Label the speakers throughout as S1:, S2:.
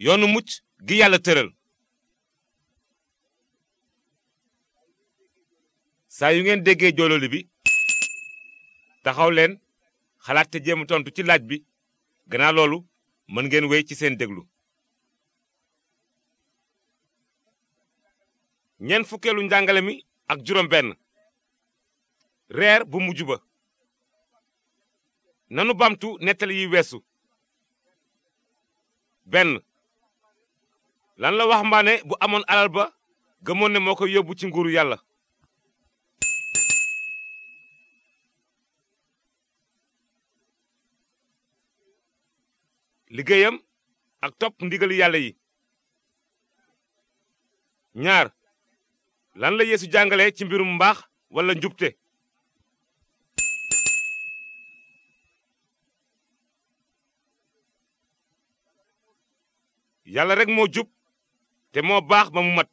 S1: yoonu mucc gi yàlla tëral saa yu ngeen déggee joololi bi taxaw leen xalaat te jéem tontu ci laaj bi gannaaw loolu mën ngeen wéy ci seen déglu ñeent fukkeelu njàngale mi ak juróom benn reer bu mujj ba nanu bamtu nettali yi weesu benn lan la wax mbaane bu amoon alal ba gëmoon ne moo koy yóbbu ci nguuru yàlla liggéeyam ak topp ndigali yàlla yi ñaar lan la yeesu jàngale ci mbirum mbaax walla njubte yàlla rek moo jub te moo baax ba mu mat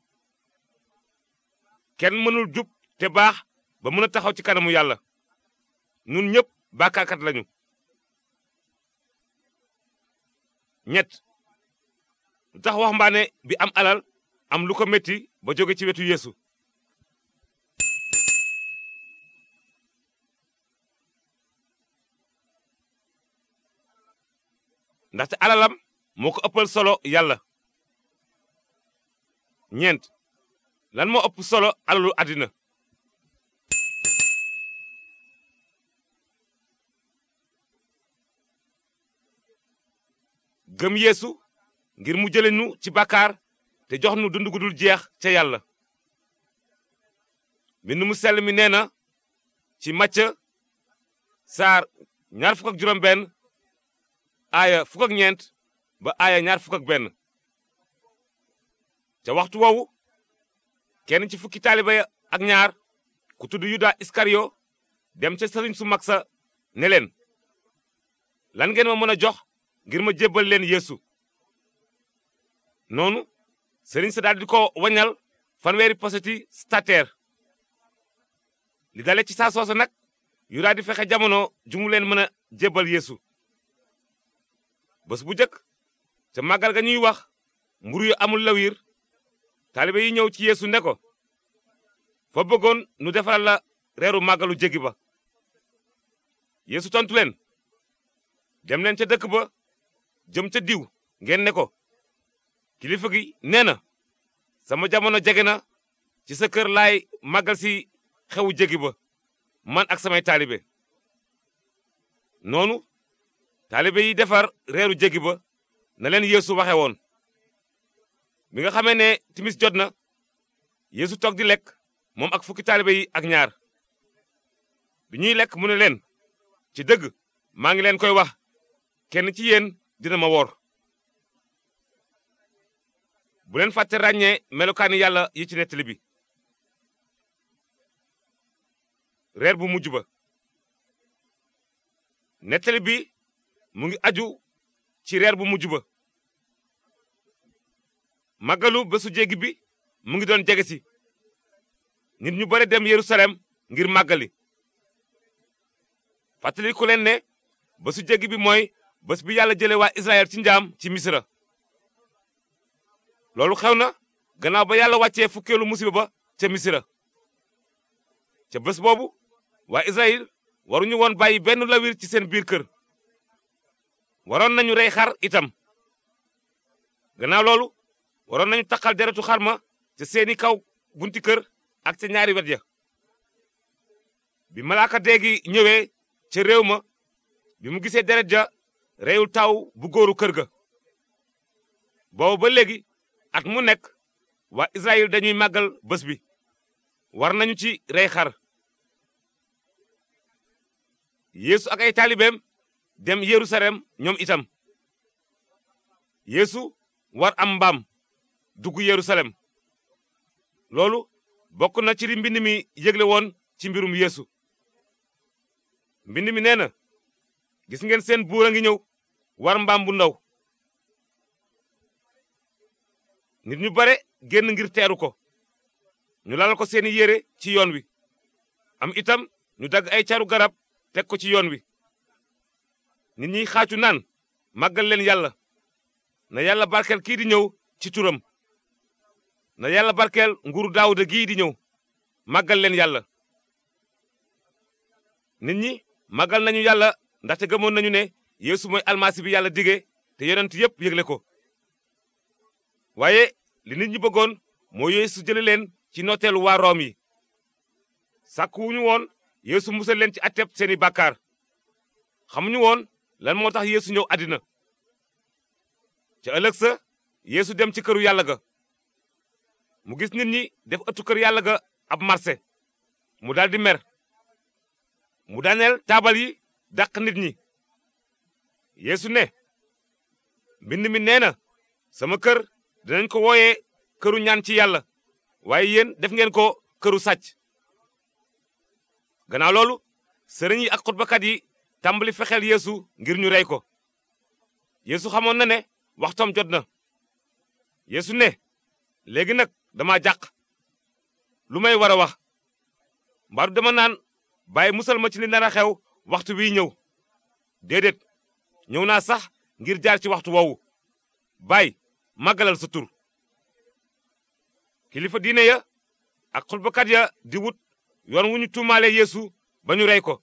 S1: kenn mënul jub te baax ba mën a taxaw ci kanamu yàlla nun ñëpp bàkkaarkat lañu ñett lu tax waxambaane bi am alal am lu ko metti ba jóge ci wetu yéesu ndaxte alalam moo ko ëppal solo yàlla ñeent lan moo ëpp solo alalu àddina gëm yéesu ngir mu jële nu ci bàkkaar te jox nu dund gu dul jeex ca yàlla mbind mu sell mi nee na ci Macë saar ñaar fukk ak benn aaya fukk ak ba aaya ñaar fukk benn ca waxtu woowu kenn ci fukki taaliba ak ñaar ku tudd yuda iskariyo dem ca sëriñ su mag sa ne leen lan ngeen ma mën a jox ngir ma jébbal leen yéesu noonu sëriñ sa daal di ko wañal fanweeri poseti stater li dale ci saa soosa nag yuda di fexe jamono ju leen mën a jébbal yéesu bés bu jëkk ca màggal ga wax mburu yi amul lawir taalibe yi ñëw ci yéesu ne ko fa bëggoon nu defaral la reeru màggalu jéggi ba yéesu tontu leen dem leen ca dëkk ba jëm ca diw ngeen ne ko kilifa gi nee na sama jamono jege na ci sa kër laay màggal si xewu jéggi ba man ak samay taalibe noonu taalibe yi defar reeru jéggi ba na leen yeesu waxe woon bi nga xamee ne timis jot na yeesu toog di lekk moom ak fukki taalibe yi ak ñaar bi ñuy lekk mu ne leen ci dëgg maa ngi leen koy wax kenn ci yéen dina ma woor bu leen fàtte ràññee melokaani yàlla yi ci nettali bi reer bu mujj ba nettali bi mu ngi aju ci reer bu mujj ba màggalu bësu jéggi bi mu ngi doon jege si nit ñu bare dem yerusalem ngir màggali fàttaliku leen ne bésu jéggi bi mooy bés bi yàlla jële waa israel ci njaam ci misra loolu xew na ganaaw ba yàlla wàccee fukkeelu musiba ba ca misra ca bës boobu waa israel waruñu woon bàyyi benn lawir ci seen biir kër waroon nañu rey xar itam gannaaw loolu waroon nañu taqal deretu xarma ca seeni kaw bunti kër ak ca ñaari wet ya bi malaaka déegi ñëwee ca réew ma bi mu gisee deret ja reyul taw bu góoru kër ga boobu ba léegi at mu nekk waa Israël dañuy màggal bés bi war nañu ci rey xar yeesu ak ay taalibeem dem Yerusalem ñoom itam yéesu war am mbaam dugg yerusalem loolu bokk na ci li mbind mi yëgle woon ci mbirum yeesu mbind mi nee na gis ngeen seen buur a ngi ñëw war mbaam bu ndaw ñu bare génn ngir teeru ko ñu lal ko seeni yére ci yoon wi am itam ñu dagg ay caru garab teg ko ci yoon wi nit ñiy xaacu naan màggal leen yàlla na yàlla barkeel kii di ñëw ci turam na yàlla barkeel nguuru daawuda gii di ñëw màggal leen yàlla nit ñi màggal nañu yàlla ndaxte gëmoon nañu ne yéesu mooy almasi bi yàlla dige te yonent yépp yëgle ko waaye li nit ñi bëggoon moo yeesu jële leen ci nooteelu waa room yi sàkkuwuñu woon yéesu musal leen ci atteb seeni bàkkaar xamuñu woon lan moo tax yéesu ñëw àddina ca ëllëg sa yeesu dem ci këru yàlla ga mu gis nit ñi def ëttu kër yàlla ga ab marché mu di mer mu daaneel taabal yi dàq nit ñi yéesu ne mbind mi nee na sama kër dinañ ko wooyee këru ñaan ci yàlla waaye yéen def ngeen ko këru sàcc gannaaw loolu sëriñ yi ak xutbakat yi tàmbali fexeel yéesu ngir ñu rey ko yéesu xamoon na ne waxtoom jot na yeesu ne léegi nag dama jàq lu may war a wax mbaaru dama naan bay musal ma ci li nar a xew waxtu wi ñëw déedéet ñëw naa sax ngir jaar ci waxtu woowu bay màggalal sa tur kilifa diine ya ak xulbakat ya di yoon wu ñu tuumaale yéesu ba ñu rey ko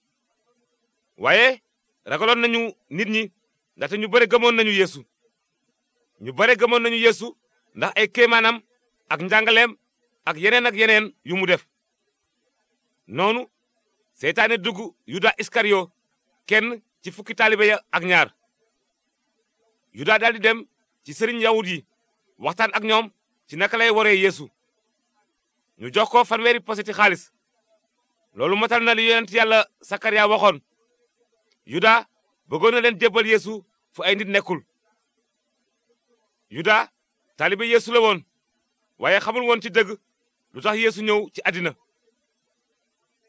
S1: waaye ragaloon nañu nit ñi ndaxte ñu bare gëmoon nañu yeesu ñu bare gëmoon nañu yeesu ndax ay kéemaanam ak njàngaleem ak yeneen ak yeneen yu mu def noonu seytaane dugg yuda iskariyo kenn ci fukki taalibe ak ñaar yuda daldi dem ci sëriñ yawut yi waxtaan ak ñoom ci naka lay waree yeesu ñu jox ko fanweeri poseti xaalis loolu matal na li yonent yàlla sakariya waxoon yuda bëggoon na leen jébbal yeesu fu ay nit nekkul yuda taalibe yeesu la woon waaye xamul woon ci dëgg lu tax yéesu ñëw ci àddina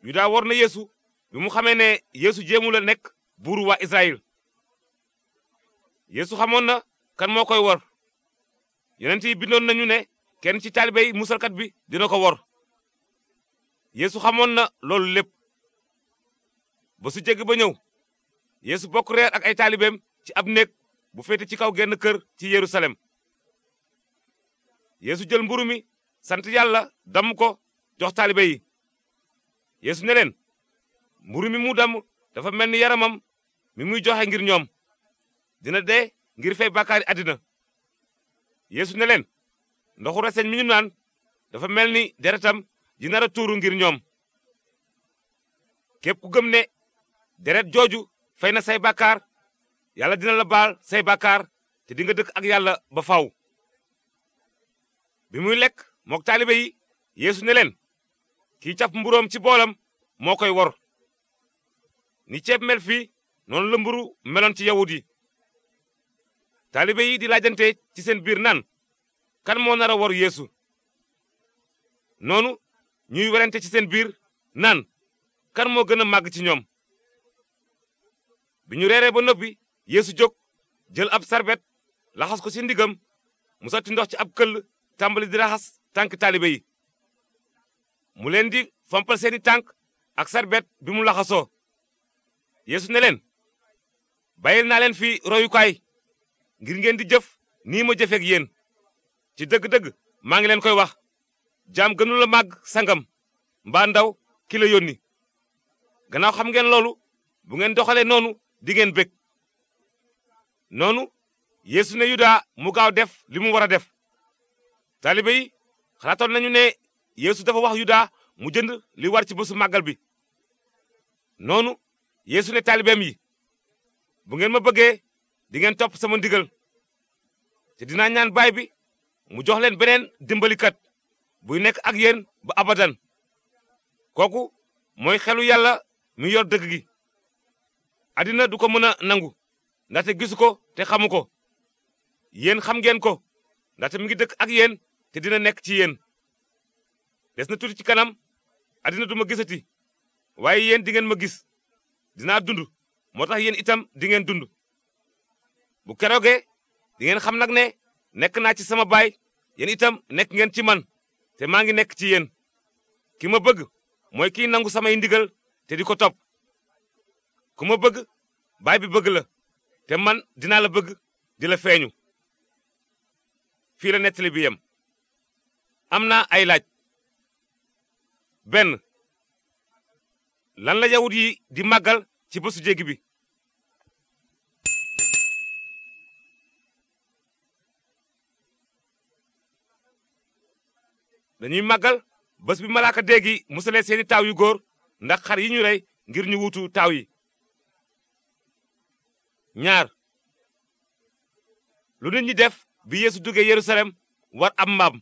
S1: yuda wor na yéesu bi mu xamee ne yéesu jéemula nekk buur waa israyil yéesu xamoon na kan moo koy wor yonent yi bindoon nañu ne kenn ci taalibey musalkat bi dina ko wor yéesu xamoon na loolu lépp ba su jégg ba ñëw yeesu bokk reer ak ay taalibeem ci ab néeg bu féete ci kaw genn kër ci yerusalem yéesu jël mburu mi sant yàlla damm ko jox taalibe yi yeesu ne mburu mi mu damm dafa mel ni yaramam mi muy joxe ngir ñoom dina de ngir fay bàkkaari àddina yéesu neleen leen ndoxu reseñ mi ñu naan dafa mel ni deretam ji nar a tuuru ngir ñoom képp ku gëm ne deret jooju fay na say bàkkaar yàlla dina la baal say bàkkaar te dinga dëkk ak yàlla ba faw bi muy lekk mook taalibe yi yeesu ne leen kiy caf mburoom ci boolam moo koy wor ni ceeb mel fii noonu la mburu meloon ci yawut yi taalibe yi di laajante ci seen biir nan kan moo nar a wor yéesu noonu ñuy werante ci seen biir nan kan moo gën a màgg ci ñoom bi ñu reeree ba noppi yeesu jóg jël ab sarbet laxas ko ci ndigam mu sotti ndox ci ab këll tàmbali di raxas tànk taalibe yi mu leen di fompal seeni tànk ak sarbet bi mu laxasoo yéesu ne leen bàyyil naa leen fi royukaay ngir ngeen di jëf nii ma jëfeek yéen ci dëgg-dëgg maa ngi leen koy wax jaam gënu la màgg sangam mbaa ndaw ki la yónni gannaaw xam ngeen loolu bu ngeen doxalee noonu di ngeen bég noonu yeesu ne yuda mu gaaw def li mu war a def taalibe yi xalaatoon nañu ne yéesu dafa wax yuda mu jënd li war ci bésu màggal bi noonu yéesu ne taalibeem yi bu ngeen ma bëggee di ngeen topp sama ndigal te dinaa ñaan baay bi mu jox leen beneen dimbalikat buy nekk ak yéen ba abadan kooku mooy xelu yàlla mi yor dëgg gi àddina du ko mën a nangu ndaxte gisu ko te xamu ko yéen xam ngeen ko ndaxte mi ngi dëkk ak yéen te dina nekk ci yéen des na tuuti ci kanam àddina du ma gisati waaye yéen di ngeen ma gis dinaa dund moo tax yéen itam di ngeen dund bu keroogee di ngeen xam nag ne nekk naa ci sama baay yéen itam nekk ngeen ci man te maa ngi nekk ci yéen ki ma bëgg mooy kiy nangu sama ndigal te di ko topp ku ma bëgg baay bi bëgg la te man dinaa la bëgg di la feeñu fii la nettali bi yem am naa ay laaj benn lan la yawut yi di màggal ci bësu jéggi bi dañuy màggal bés bi malaaka déegi musalee seeni taaw yu góor ndax xar yi ñu rey ngir ñu wutu taaw yi ñaar lu nit ñi def bi yeesu duggee yerusalem war am mbaam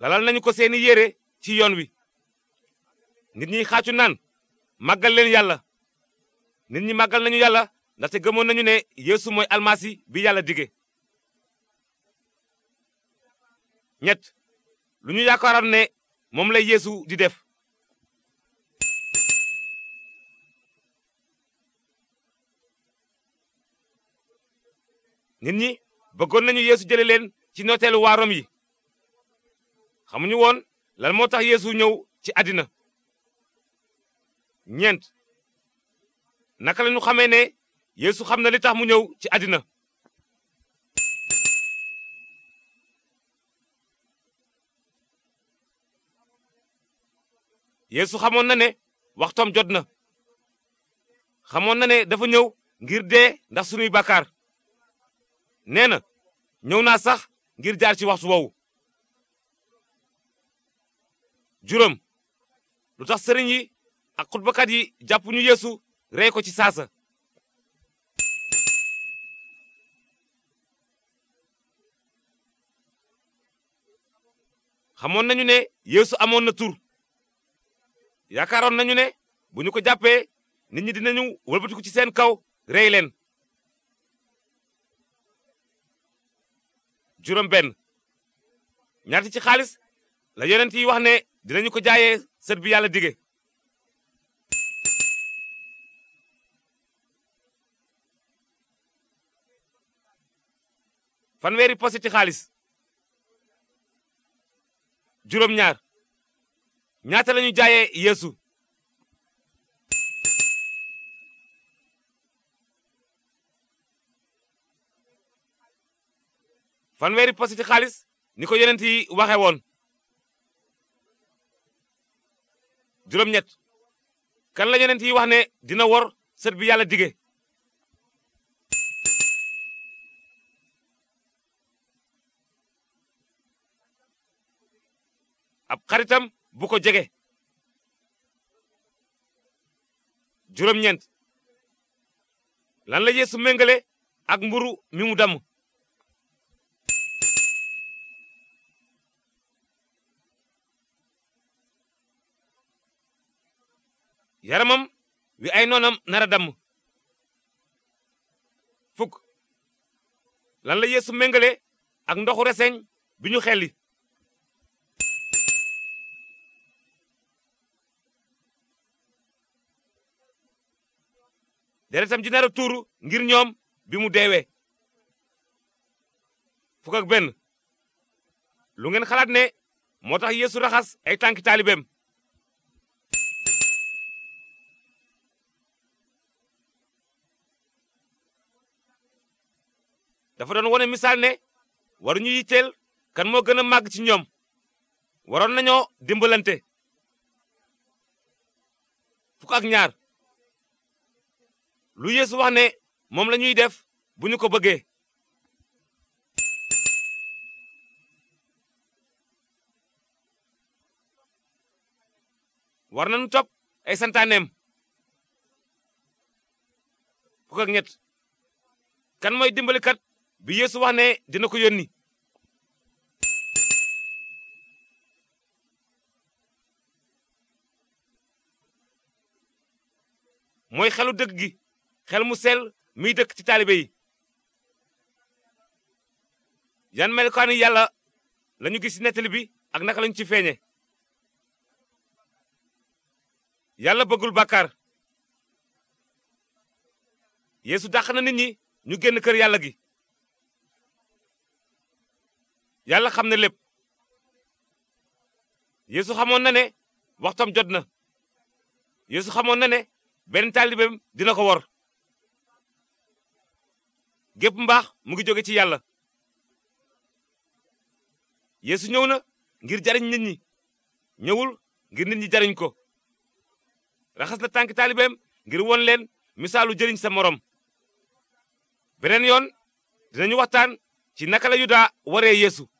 S1: lalal nañu ko seeni yére ci yoon wi nit ñi xaacu naan màggal leen yàlla nit ñi màggal nañu yàlla ndaxte gëmoon nañu ne yéesu mooy almasi bi yàlla dige ñett lu ñu yaakaaroon ne moom lay yéesu di def nit ñi bëggoon nañu yéesu jële leen ci nooteelu waa yi xamuñu woon lan moo tax yeesu ñëw ci àddina ñeent naka lañu xamee ne yéesu xam na li tax mu ñëw ci àddina yeesu xamoon na ne waxtoom jot na xamoon na ne dafa ñëw ngir dee ndax sunuy bàkkaar nee na ñëw naa sax ngir jaar ci waxtu woowu juróom lu tax sëriñ yi ak xutbakat yi jàpp ñu yeesu rey ko ci saasa xamoon nañu ne yéesu amoon na tur yaakaaroon nañu ne bu ñu ko jàppee nit ñi dinañu wëlbatiku ci seen kaw rey leen juróom benn ñaata ci xaalis la yonent yi wax ne dinañu ko jaayee sët bi yàlla dige fanweeri poste xaalis juróom-ñaar ñaata lañu jaayee yeesu fanweeri poste ci xaalis ni ko yonent yi waxe woon juróom-ñett kan la yeneen yi wax ne dina wor sët bi yàlla dige ab xaritam bu ko jege juróom-ñeent lan la yeesu méngale ak mburu mi mu damm yaramam wi ay noonam nara damm fuk lan la yéesu méngale ak ndoxu reseñ bi ñu xelli deretam ji nara tuuru ngir ñoom bi mu deewee fukk ak benn lu ngeen xalaat ne moo tax yeesu raxas ay tànki taalibeem dafa doon wone misaal ne waruñu yitteel kan moo gën a màgg ci ñoom waroon nañoo dimbalante fukk ak ñaar lu yeesu wax ne moom la ñuy def bu ñu ko bëggee war nañu topp ay santaaneem fukk ak ñett kan mooy dimbalikat bi yéesu wax ne dina ko yónni mooy xelu dëgg gi xel mu sel miy dëkk ci taalibe yi yan melukaani yàlla lañu gis ci nettali bi ak naka lañu ci feeñe yàlla bëggul bàkkaar yéesu dàq na nit ñi ñu génn kër yàlla gi yàlla xam na lépp yeesu xamoon na ne waxtam jot na yéesu xamoon na ne benn taalibeem dina ko wor gépp mbaax mu ngi jóge ci yàlla yéesu ñëw na ngir jariñ nit ñi ñëwul ngir nit ñi jariñ ko raxas na tànk taalibeem ngir won leen misaalu jëriñ sa moroom beneen yoon dinañu waxtaan ci naka la yuda waree yéesu